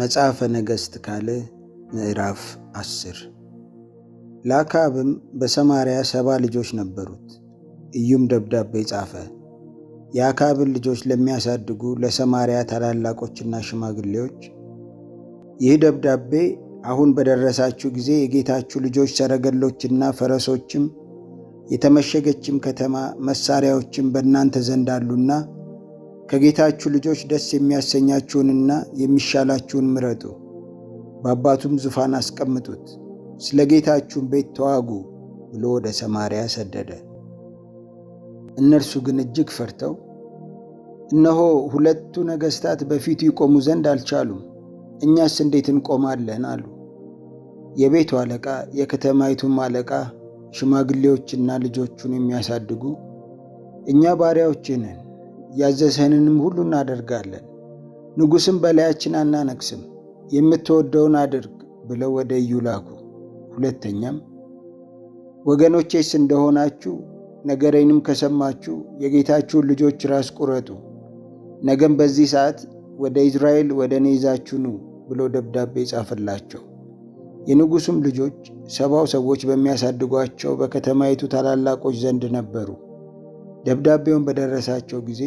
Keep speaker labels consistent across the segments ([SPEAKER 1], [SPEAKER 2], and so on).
[SPEAKER 1] መጽሐፈ ነገሥት ካልዕ ምዕራፍ አስር ለአክዓብም በሰማርያ ሰባ ልጆች ነበሩት። ኢዩም ደብዳቤ ጻፈ፣ የአክዓብን ልጆች ለሚያሳድጉ ለሰማርያ ታላላቆችና ሽማግሌዎች ይህ ደብዳቤ አሁን በደረሳችሁ ጊዜ የጌታችሁ ልጆች ሰረገሎችና ፈረሶችም የተመሸገችም ከተማ መሳሪያዎችም በእናንተ ዘንድ አሉና ከጌታችሁ ልጆች ደስ የሚያሰኛችሁንና የሚሻላችሁን ምረጡ፣ በአባቱም ዙፋን አስቀምጡት፣ ስለ ጌታችሁን ቤት ተዋጉ ብሎ ወደ ሰማርያ ሰደደ። እነርሱ ግን እጅግ ፈርተው እነሆ ሁለቱ ነገሥታት በፊቱ ይቆሙ ዘንድ አልቻሉም፣ እኛስ እንዴት እንቆማለን አሉ። የቤቱ አለቃ የከተማይቱም አለቃ ሽማግሌዎችና ልጆቹን የሚያሳድጉ እኛ ባሪያዎችህ ነን ያዘዝህንንም ሁሉ እናደርጋለን፣ ንጉሥም በላያችን አናነግስም፣ የምትወደውን አድርግ ብለው ወደ እዩ ላኩ። ሁለተኛም ወገኖቼስ እንደሆናችሁ ነገሬንም ከሰማችሁ የጌታችሁን ልጆች ራስ ቁረጡ፣ ነገም በዚህ ሰዓት ወደ ኢዝራኤል ወደ እኔ ይዛችሁ ኑ ብሎ ደብዳቤ ጻፈላቸው። የንጉሡም ልጆች ሰባው ሰዎች በሚያሳድጓቸው በከተማይቱ ታላላቆች ዘንድ ነበሩ። ደብዳቤውን በደረሳቸው ጊዜ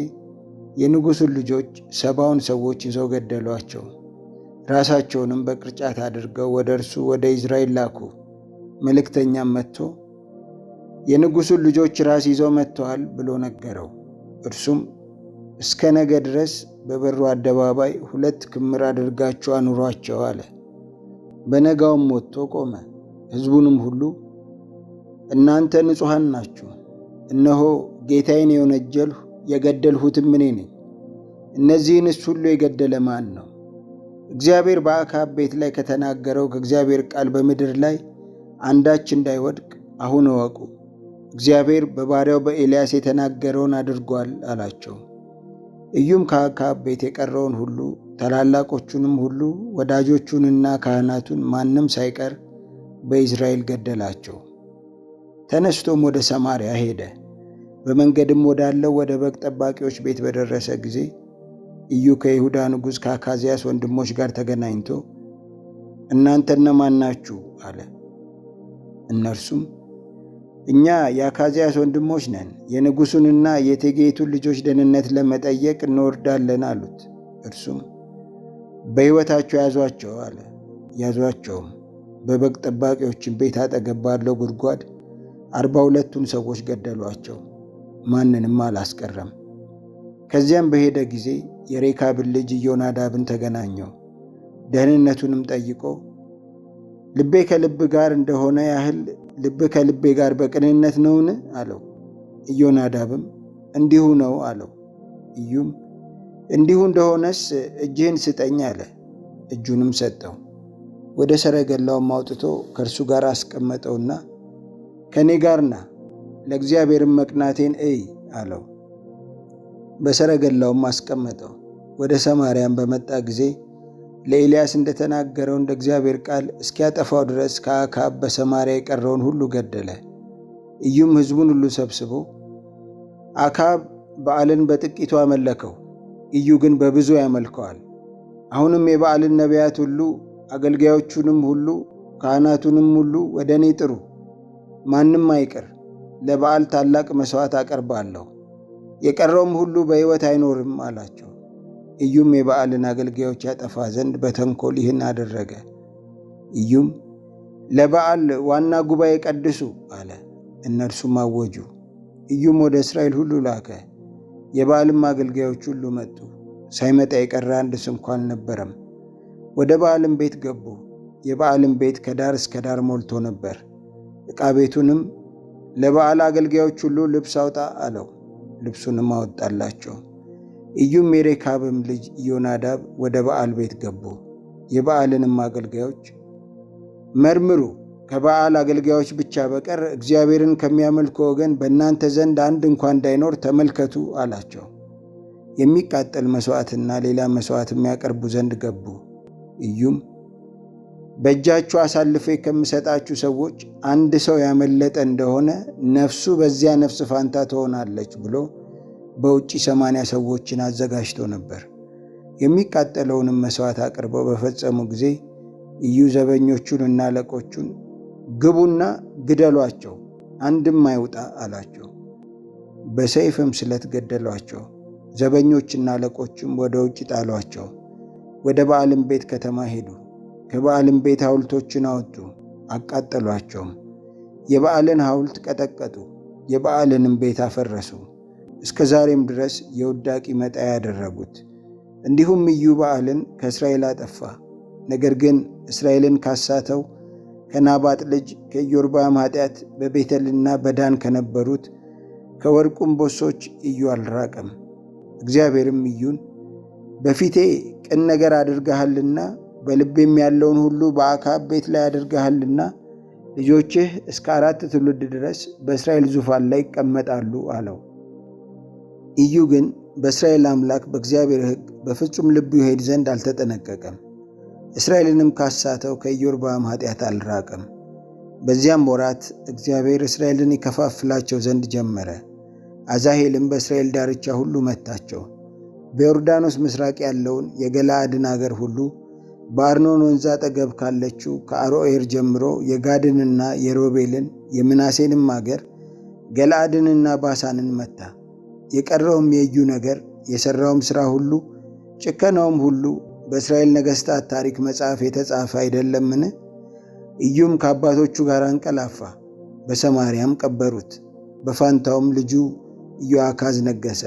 [SPEAKER 1] የንጉሱን ልጆች ሰባውን ሰዎች ይዘው ገደሏቸው። ራሳቸውንም በቅርጫት አድርገው ወደ እርሱ ወደ ኢዝራኤል ላኩ። መልእክተኛም መጥቶ የንጉሱን ልጆች ራስ ይዘው መጥተዋል ብሎ ነገረው። እርሱም እስከ ነገ ድረስ በበሩ አደባባይ ሁለት ክምር አድርጋችሁ አኑሯቸው አለ። በነጋውም ወጥቶ ቆመ። ሕዝቡንም ሁሉ እናንተ ንጹሐን ናችሁ፣ እነሆ ጌታዬን የወነጀልሁ የገደልሁትም እኔ ነኝ። እነዚህንስ ሁሉ የገደለ ማን ነው? እግዚአብሔር በአክዓብ ቤት ላይ ከተናገረው ከእግዚአብሔር ቃል በምድር ላይ አንዳች እንዳይወድቅ አሁን እወቁ፣ እግዚአብሔር በባሪያው በኤልያስ የተናገረውን አድርጓል አላቸው። ኢዩም ከአክዓብ ቤት የቀረውን ሁሉ ታላላቆቹንም ሁሉ ወዳጆቹንና ካህናቱን ማንም ሳይቀር በኢዝራኤል ገደላቸው። ተነስቶም ወደ ሰማርያ ሄደ። በመንገድም ወዳለው ወደ በግ ጠባቂዎች ቤት በደረሰ ጊዜ ኢዩ ከይሁዳ ንጉሥ ከአካዝያስ ወንድሞች ጋር ተገናኝቶ እናንተ እነማን ናችሁ? አለ። እነርሱም እኛ የአካዝያስ ወንድሞች ነን፣ የንጉሡንና የቴጌቱን ልጆች ደህንነት ለመጠየቅ እንወርዳለን አሉት። እርሱም በሕይወታቸው ያዟቸው አለ። ያዟቸውም በበግ ጠባቂዎችን ቤት አጠገብ ባለው ጉድጓድ አርባ ሁለቱን ሰዎች ገደሏቸው። ማንንም አላስቀረም። ከዚያም በሄደ ጊዜ የሬካብን ልጅ ኢዮናዳብን ተገናኘው። ደህንነቱንም ጠይቆ ልቤ ከልብ ጋር እንደሆነ ያህል ልብ ከልቤ ጋር በቅንነት ነውን? አለው። ኢዮናዳብም እንዲሁ ነው አለው። እዩም እንዲሁ እንደሆነስ እጅህን ስጠኝ አለ። እጁንም ሰጠው። ወደ ሰረገላውም አውጥቶ ከእርሱ ጋር አስቀመጠውና ከእኔ ጋር ና ለእግዚአብሔርም መቅናቴን እይ አለው። በሰረገላውም አስቀመጠው። ወደ ሰማርያም በመጣ ጊዜ ለኤልያስ እንደተናገረው እንደ እግዚአብሔር ቃል እስኪያጠፋው ድረስ ከአካብ በሰማርያ የቀረውን ሁሉ ገደለ። እዩም ሕዝቡን ሁሉ ሰብስቦ አካብ በዓልን በጥቂቱ አመለከው፣ እዩ ግን በብዙ ያመልከዋል። አሁንም የበዓልን ነቢያት ሁሉ አገልጋዮቹንም ሁሉ ካህናቱንም ሁሉ ወደ እኔ ጥሩ፣ ማንም አይቅር ለበዓል ታላቅ መሥዋዕት አቀርባለሁ፣ የቀረውም ሁሉ በሕይወት አይኖርም አላቸው። እዩም የበዓልን አገልጋዮች ያጠፋ ዘንድ በተንኮል ይህን አደረገ። እዩም ለበዓል ዋና ጉባኤ ቀድሱ አለ። እነርሱም አወጁ። እዩም ወደ እስራኤል ሁሉ ላከ። የበዓልም አገልጋዮች ሁሉ መጡ። ሳይመጣ የቀረ አንድ ስንኳ አልነበረም። ወደ በዓልም ቤት ገቡ። የበዓልም ቤት ከዳር እስከ ዳር ሞልቶ ነበር። ዕቃ ቤቱንም ለበዓል አገልጋዮች ሁሉ ልብስ አውጣ አለው። ልብሱንም አወጣላቸው። ኢዩም የሬካብም ልጅ ዮናዳብ ወደ በዓል ቤት ገቡ። የበዓልንም አገልጋዮች መርምሩ፣ ከበዓል አገልጋዮች ብቻ በቀር እግዚአብሔርን ከሚያመልኩ ወገን በእናንተ ዘንድ አንድ እንኳ እንዳይኖር ተመልከቱ አላቸው። የሚቃጠል መሥዋዕትና ሌላ መስዋዕት የሚያቀርቡ ዘንድ ገቡ። ኢዩም በእጃችሁ አሳልፌ ከምሰጣችሁ ሰዎች አንድ ሰው ያመለጠ እንደሆነ ነፍሱ በዚያ ነፍስ ፋንታ ትሆናለች ብሎ በውጭ ሰማንያ ሰዎችን አዘጋጅቶ ነበር። የሚቃጠለውንም መሥዋዕት አቅርበው በፈጸሙ ጊዜ እዩ ዘበኞቹን እና አለቆቹን ግቡና ግደሏቸው፣ አንድም አይውጣ አላቸው። በሰይፍም ስለት ገደሏቸው። ዘበኞችና አለቆቹም ወደ ውጭ ጣሏቸው። ወደ በዓልም ቤት ከተማ ሄዱ። ከበዓልም ቤት ሐውልቶችን አወጡ፣ አቃጠሏቸውም። የበዓልን ሐውልት ቀጠቀጡ፣ የበዓልንም ቤት አፈረሱ። እስከ ዛሬም ድረስ የውዳቂ መጣያ ያደረጉት። እንዲሁም እዩ በዓልን ከእስራኤል አጠፋ። ነገር ግን እስራኤልን ካሳተው ከናባጥ ልጅ ከኢዮርባም ኃጢአት በቤተልና በዳን ከነበሩት ከወርቁም ቦሶች እዩ አልራቀም። እግዚአብሔርም እዩን በፊቴ ቅን ነገር አድርገሃልና በልብም ያለውን ሁሉ በአክዓብ ቤት ላይ አድርገሃልና ልጆችህ እስከ አራት ትውልድ ድረስ በእስራኤል ዙፋን ላይ ይቀመጣሉ አለው። ኢዩ ግን በእስራኤል አምላክ በእግዚአብሔር ሕግ በፍጹም ልቡ ይሄድ ዘንድ አልተጠነቀቀም። እስራኤልንም ካሳተው ከኢዮርባም ኃጢአት አልራቀም። በዚያም ወራት እግዚአብሔር እስራኤልን ይከፋፍላቸው ዘንድ ጀመረ። አዛሄልም በእስራኤል ዳርቻ ሁሉ መታቸው። በዮርዳኖስ ምስራቅ ያለውን የገላአድን አገር ሁሉ በአርኖን ወንዝ አጠገብ ካለችው ከአሮኤር ጀምሮ የጋድንና የሮቤልን የምናሴንም አገር ገላአድንና ባሳንን መታ። የቀረውም የእዩ ነገር የሠራውም ሥራ ሁሉ ጭከናውም ሁሉ በእስራኤል ነገሥታት ታሪክ መጽሐፍ የተጻፈ አይደለምን? እዩም ከአባቶቹ ጋር አንቀላፋ፣ በሰማርያም ቀበሩት። በፋንታውም ልጁ ኢዮአካዝ ነገሰ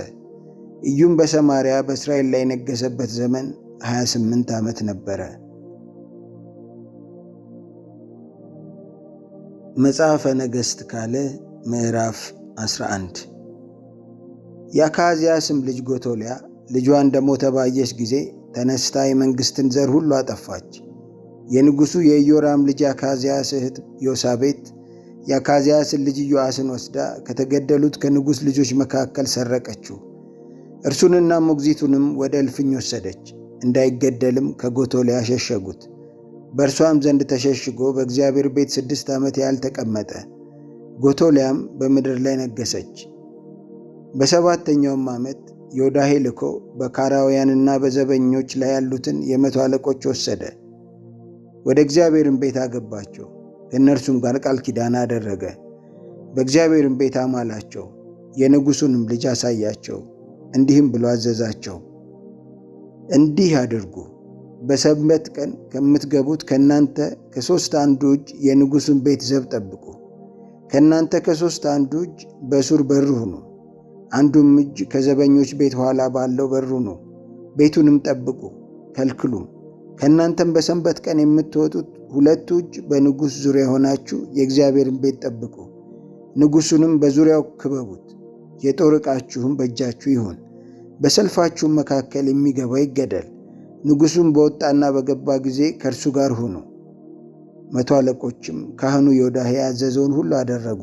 [SPEAKER 1] እዩም በሰማርያ በእስራኤል ላይ የነገሰበት ዘመን 28 ዓመት ነበረ። መጽሐፈ ነገሥት ካለ ምዕራፍ 11 የአካዝያስም ልጅ ጎቶልያ ልጇ እንደሞተ ባየች ጊዜ ተነስታ የመንግሥትን ዘር ሁሉ አጠፋች። የንጉሡ የኢዮራም ልጅ የአካዝያስ እህት ዮሳቤት የአካዝያስን ልጅ ኢዮአስን ወስዳ ከተገደሉት ከንጉሥ ልጆች መካከል ሰረቀችው። እርሱንና ሞግዚቱንም ወደ እልፍኝ ወሰደች። እንዳይገደልም ከጎቶልያ ሸሸጉት። በእርሷም ዘንድ ተሸሽጎ በእግዚአብሔር ቤት ስድስት ዓመት ያህል ተቀመጠ። ጎቶልያም በምድር ላይ ነገሰች። በሰባተኛውም ዓመት ዮዳሄ ልኮ በካራውያንና በዘበኞች ላይ ያሉትን የመቶ አለቆች ወሰደ። ወደ እግዚአብሔርን ቤት አገባቸው። ከእነርሱም ጋር ቃል ኪዳን አደረገ። በእግዚአብሔርን ቤት አማላቸው። የንጉሡንም ልጅ አሳያቸው። እንዲህም ብሎ አዘዛቸው እንዲህ አድርጉ በሰንበት ቀን ከምትገቡት ከእናንተ ከሦስት አንዱ እጅ የንጉሥን ቤት ዘብ ጠብቁ። ከእናንተ ከሦስት አንዱ እጅ በሱር በር ሁኑ፣ አንዱም እጅ ከዘበኞች ቤት ኋላ ባለው በር ሁኑ። ቤቱንም ጠብቁ ከልክሉም። ከእናንተም በሰንበት ቀን የምትወጡት ሁለቱ እጅ በንጉሥ ዙሪያ ሆናችሁ የእግዚአብሔርን ቤት ጠብቁ። ንጉሡንም በዙሪያው ክበቡት፣ የጦር ዕቃችሁም በእጃችሁ ይሁን። በሰልፋችሁም መካከል የሚገባ ይገደል። ንጉሡም በወጣና በገባ ጊዜ ከእርሱ ጋር ሁኑ። መቶ አለቆችም ካህኑ ዮዳሄ ያዘዘውን ሁሉ አደረጉ።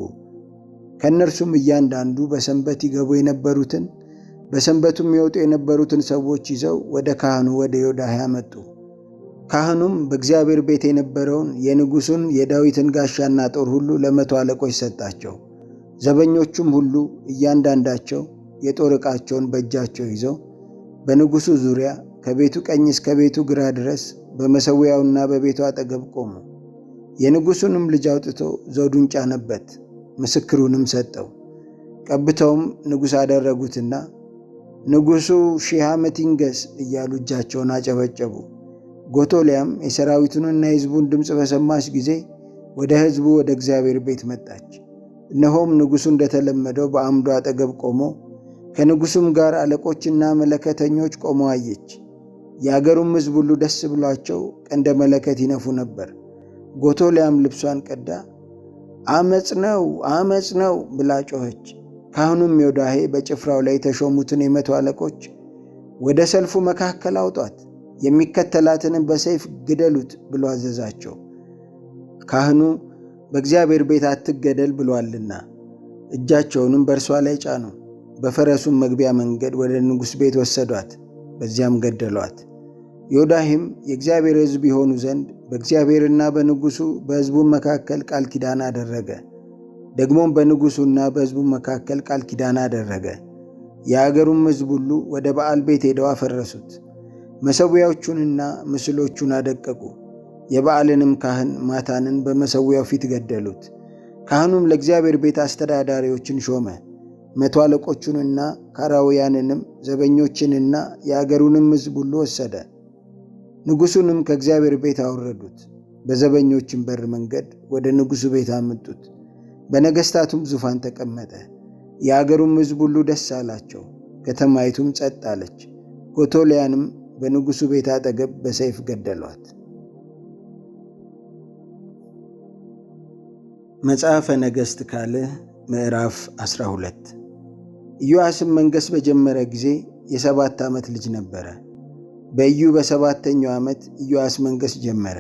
[SPEAKER 1] ከእነርሱም እያንዳንዱ በሰንበት ይገቡ የነበሩትን በሰንበቱም ይወጡ የነበሩትን ሰዎች ይዘው ወደ ካህኑ ወደ ዮዳሄ አመጡ። ካህኑም በእግዚአብሔር ቤት የነበረውን የንጉሡን የዳዊትን ጋሻና ጦር ሁሉ ለመቶ አለቆች ሰጣቸው። ዘበኞቹም ሁሉ እያንዳንዳቸው የጦር ዕቃቸውን በእጃቸው ይዘው በንጉሡ ዙሪያ ከቤቱ ቀኝ እስከ ቤቱ ግራ ድረስ በመሠዊያውና በቤቱ አጠገብ ቆሙ። የንጉሡንም ልጅ አውጥቶ ዘውዱን ጫነበት፣ ምስክሩንም ሰጠው። ቀብተውም ንጉሥ አደረጉትና ንጉሡ ሺህ ዓመት ይንገስ እያሉ እጃቸውን አጨበጨቡ። ጎቶሊያም የሰራዊቱንና የሕዝቡን ድምፅ በሰማች ጊዜ ወደ ሕዝቡ ወደ እግዚአብሔር ቤት መጣች። እነሆም ንጉሡ እንደተለመደው በአምዱ አጠገብ ቆሞ ከንጉሡም ጋር አለቆችና መለከተኞች ቆሞ አየች። የአገሩም ሕዝብ ሁሉ ደስ ብሏቸው ቀንደ መለከት ይነፉ ነበር። ጎቶሊያም ልብሷን ቀዳ አመፅ ነው አመፅ ነው ብላ ጮኸች። ካህኑም ዮዳሄ በጭፍራው ላይ የተሾሙትን የመቶ አለቆች ወደ ሰልፉ መካከል አውጧት፣ የሚከተላትንም በሰይፍ ግደሉት ብሎ አዘዛቸው። ካህኑ በእግዚአብሔር ቤት አትገደል ብሏልና። እጃቸውንም በእርሷ ላይ ጫኑ። በፈረሱም መግቢያ መንገድ ወደ ንጉሥ ቤት ወሰዷት፣ በዚያም ገደሏት። ዮዳሂም የእግዚአብሔር ሕዝብ ይሆኑ ዘንድ በእግዚአብሔርና በንጉሡ በሕዝቡ መካከል ቃል ኪዳን አደረገ። ደግሞም በንጉሡና በሕዝቡ መካከል ቃል ኪዳን አደረገ። የአገሩም ሕዝብ ሁሉ ወደ በዓል ቤት ሄደው አፈረሱት፣ መሠዊያዎቹንና ምስሎቹን አደቀቁ። የበዓልንም ካህን ማታንን በመሠዊያው ፊት ገደሉት። ካህኑም ለእግዚአብሔር ቤት አስተዳዳሪዎችን ሾመ። መቶ አለቆቹንና ካራውያንንም ዘበኞችንና የአገሩንም ሕዝብ ሁሉ ወሰደ። ንጉሡንም ከእግዚአብሔር ቤት አወረዱት። በዘበኞችን በር መንገድ ወደ ንጉሡ ቤት አመጡት። በነገሥታቱም ዙፋን ተቀመጠ። የአገሩም ሕዝብ ሁሉ ደስ አላቸው። ከተማይቱም ጸጥ አለች። ጎቶሊያንም በንጉሡ ቤት አጠገብ በሰይፍ ገደሏት። መጽሐፈ ነገሥት ካልዕ ምዕራፍ 12 ኢዮአስም መንገስ በጀመረ ጊዜ የሰባት ዓመት ልጅ ነበረ። በኢዩ በሰባተኛው ዓመት ኢዮአስ መንገስ ጀመረ።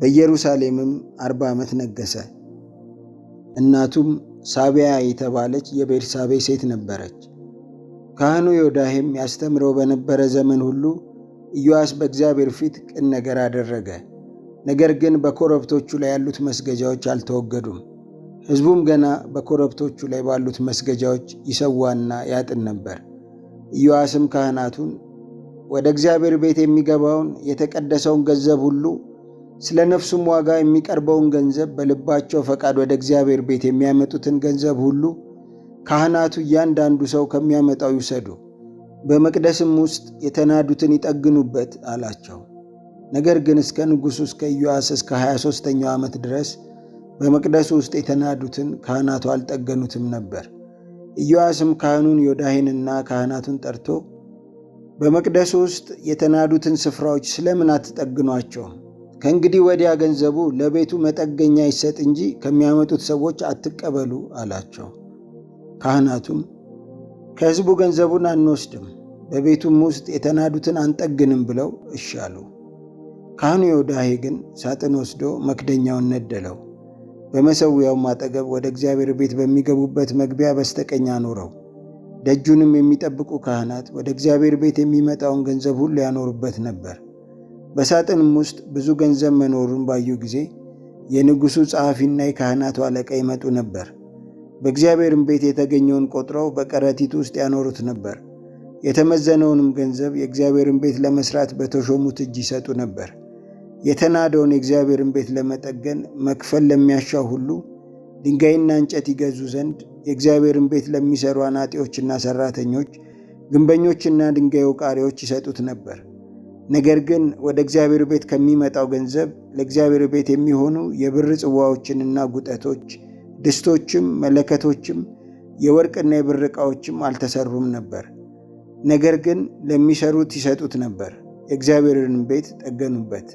[SPEAKER 1] በኢየሩሳሌምም አርባ ዓመት ነገሰ እናቱም ሳቢያ የተባለች የቤርሳቤ ሴት ነበረች። ካህኑ ዮዳሄም ያስተምረው በነበረ ዘመን ሁሉ ኢዮአስ በእግዚአብሔር ፊት ቅን ነገር አደረገ። ነገር ግን በኮረብቶቹ ላይ ያሉት መስገጃዎች አልተወገዱም። ሕዝቡም ገና በኮረብቶቹ ላይ ባሉት መስገጃዎች ይሰዋና ያጥን ነበር። ኢዮአስም ካህናቱን ወደ እግዚአብሔር ቤት የሚገባውን የተቀደሰውን ገንዘብ ሁሉ ስለ ነፍሱም ዋጋ የሚቀርበውን ገንዘብ በልባቸው ፈቃድ ወደ እግዚአብሔር ቤት የሚያመጡትን ገንዘብ ሁሉ ካህናቱ እያንዳንዱ ሰው ከሚያመጣው ይውሰዱ፣ በመቅደስም ውስጥ የተናዱትን ይጠግኑበት አላቸው። ነገር ግን እስከ ንጉሡ እስከ ኢዮአስ እስከ 23ኛው ዓመት ድረስ በመቅደሱ ውስጥ የተናዱትን ካህናቱ አልጠገኑትም ነበር። ኢዮአስም ካህኑን ዮዳሄንና ካህናቱን ጠርቶ በመቅደሱ ውስጥ የተናዱትን ስፍራዎች ስለምን አትጠግኗቸው? ከእንግዲህ ወዲያ ገንዘቡ ለቤቱ መጠገኛ ይሰጥ እንጂ ከሚያመጡት ሰዎች አትቀበሉ አላቸው። ካህናቱም ከሕዝቡ ገንዘቡን አንወስድም፣ በቤቱም ውስጥ የተናዱትን አንጠግንም ብለው እሻሉ። ካህኑ ዮዳሄ ግን ሳጥን ወስዶ መክደኛውን ነደለው። በመሠዊያውም አጠገብ ወደ እግዚአብሔር ቤት በሚገቡበት መግቢያ በስተቀኝ አኖረው። ደጁንም የሚጠብቁ ካህናት ወደ እግዚአብሔር ቤት የሚመጣውን ገንዘብ ሁሉ ያኖሩበት ነበር። በሳጥንም ውስጥ ብዙ ገንዘብ መኖሩን ባዩ ጊዜ የንጉሡ ጸሐፊና የካህናቱ አለቃ ይመጡ ነበር። በእግዚአብሔርም ቤት የተገኘውን ቆጥረው በከረጢት ውስጥ ያኖሩት ነበር። የተመዘነውንም ገንዘብ የእግዚአብሔርን ቤት ለመስራት በተሾሙት እጅ ይሰጡ ነበር። የተናደውን የእግዚአብሔርን ቤት ለመጠገን መክፈል ለሚያሻው ሁሉ ድንጋይና እንጨት ይገዙ ዘንድ የእግዚአብሔርን ቤት ለሚሰሩ አናጢዎችና ሰራተኞች፣ ግንበኞችና ድንጋይ ወቃሪዎች ይሰጡት ነበር። ነገር ግን ወደ እግዚአብሔር ቤት ከሚመጣው ገንዘብ ለእግዚአብሔር ቤት የሚሆኑ የብር ጽዋዎችንና ጉጠቶች፣ ድስቶችም፣ መለከቶችም፣ የወርቅና የብር ዕቃዎችም አልተሰሩም ነበር። ነገር ግን ለሚሰሩት ይሰጡት ነበር። የእግዚአብሔርን ቤት ጠገኑበት።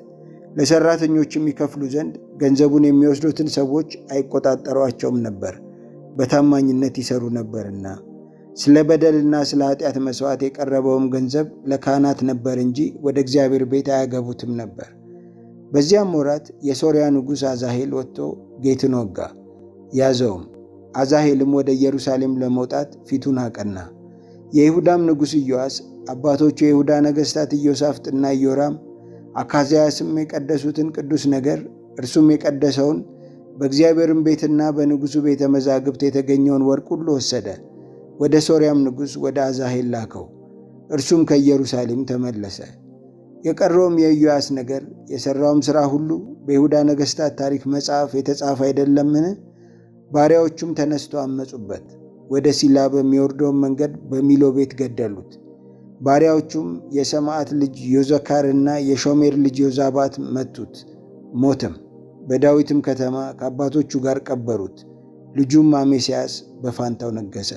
[SPEAKER 1] ለሰራተኞች የሚከፍሉ ዘንድ ገንዘቡን የሚወስዱትን ሰዎች አይቆጣጠሯቸውም ነበር፣ በታማኝነት ይሰሩ ነበርና። ስለ በደልና ስለ ኃጢአት መሥዋዕት የቀረበውም ገንዘብ ለካህናት ነበር እንጂ ወደ እግዚአብሔር ቤት አያገቡትም ነበር። በዚያም ወራት የሶርያ ንጉሥ አዛሄል ወጥቶ ጌትን ወጋ ያዘውም። አዛሄልም ወደ ኢየሩሳሌም ለመውጣት ፊቱን አቀና። የይሁዳም ንጉሥ ኢዮአስ አባቶቹ የይሁዳ ነገሥታት ኢዮሳፍጥና ኢዮራም አካዝያስም የቀደሱትን ቅዱስ ነገር እርሱም የቀደሰውን በእግዚአብሔርም ቤትና በንጉሡ ቤተ መዛግብት የተገኘውን ወርቅ ሁሉ ወሰደ። ወደ ሶርያም ንጉሥ ወደ አዛሄል ላከው። እርሱም ከኢየሩሳሌም ተመለሰ። የቀረውም የኢዮአስ ነገር የሠራውም ሥራ ሁሉ በይሁዳ ነገሥታት ታሪክ መጽሐፍ የተጻፈ አይደለምን? ባሪያዎቹም ተነስቶ አመፁበት። ወደ ሲላ በሚወርደውን መንገድ በሚሎ ቤት ገደሉት። ባሪያዎቹም የሰማዕት ልጅ ዮዘካርና የሾሜር ልጅ ዮዛባት መቱት፣ ሞተም። በዳዊትም ከተማ ከአባቶቹ ጋር ቀበሩት። ልጁም አሜስያስ በፋንታው ነገሠ።